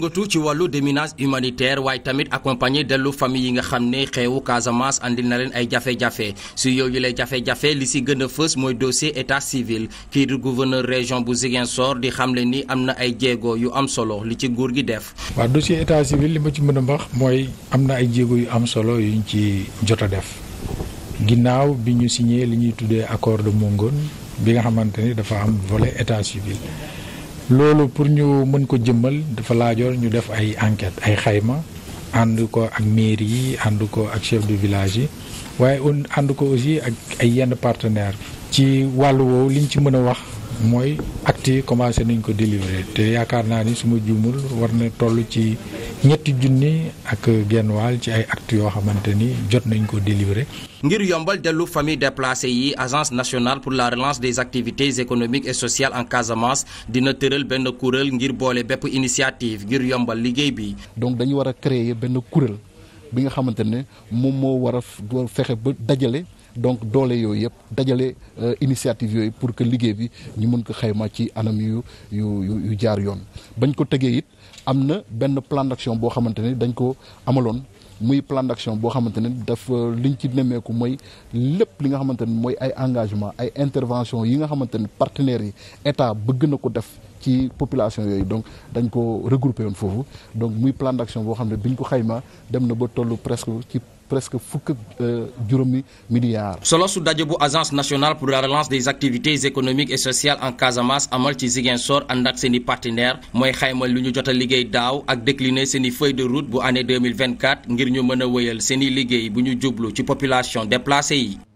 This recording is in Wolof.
yëngatu ci wàllu déminage humanitaire waaye tamit accompagné dellu famille yi nga xam ne xeewu Casamance andil na leen ay jafe-jafe si yooyu lay jafe-jafe li si gën a fës mooy dossier état civil kii di gouverneur région bu Ziguinchor di xam le ni am na ay jéego yu am solo li ci nguur gi def. waa dossier état civil li ma ci mën a wax mooy am na ay jéego yu am solo yuñ ci jot a def ginnaaw bi ñu signé li ñuy tuddee accord de Mongone bi nga xamante ni dafa am volet loolu pour ñu mën ko jëmmal dafa laajoon ñu def ay enquête ay xayma ànd ko ak mairie yi ànd ko ak chef de village yi waaye ànd ko aussi ak ay yenn partenaires. ci wàllu woowu liñ ci mën a wax mooy actes yi commencé nañ ko délivrer te yaakaar naa ni su ma juumul war na toll ci. ñetti junni ak genn waal ci ay actes yoo xamante ni jot nañ ko délivrer. ngir yombal dellu famille déplacé yi agence nationale pour la relance des activités économiques et sociales en Casamance dina tëral benn kuréel ngir boole bépp initiative ngir yombal liggéey bi. donc dañu war a créer benn kuréel bi nga xamante ne moom moo war a fexe ba dajale. donc doole yooyu yëpp dajale euh, initiative yooyu pour que liggéey bi ñu mën ko xayma ci anam yu yu yu yu jaar yoon am na benn plan d'action boo xamante ne dañ ko amaloon muy plan d'action boo xamante ne dafa liñ ci nemmeeku mooy lépp li nga xamante ne mooy ay engagement ay intervention yi nga xamante ne partenaires yi état bëgg na ko def ci population yooyu donc dañ ko regroupé woon foofu donc muy plan d'action boo xam ne biñ ko xayma dem na ba tollu presque ci presque fukk ak euh, juróomi solo daje bu agence nationale pour la relance des activités économiques et sociales en Casamance amal ci Ziguinchor ànd ak seen i mooy xayma lu ñu jota liggéey daaw ak décliner seen i feuille de route bu année 2024 ngir ñu mën a wéyal seeni liggéey bu ñu jublu ci population déplacée yi.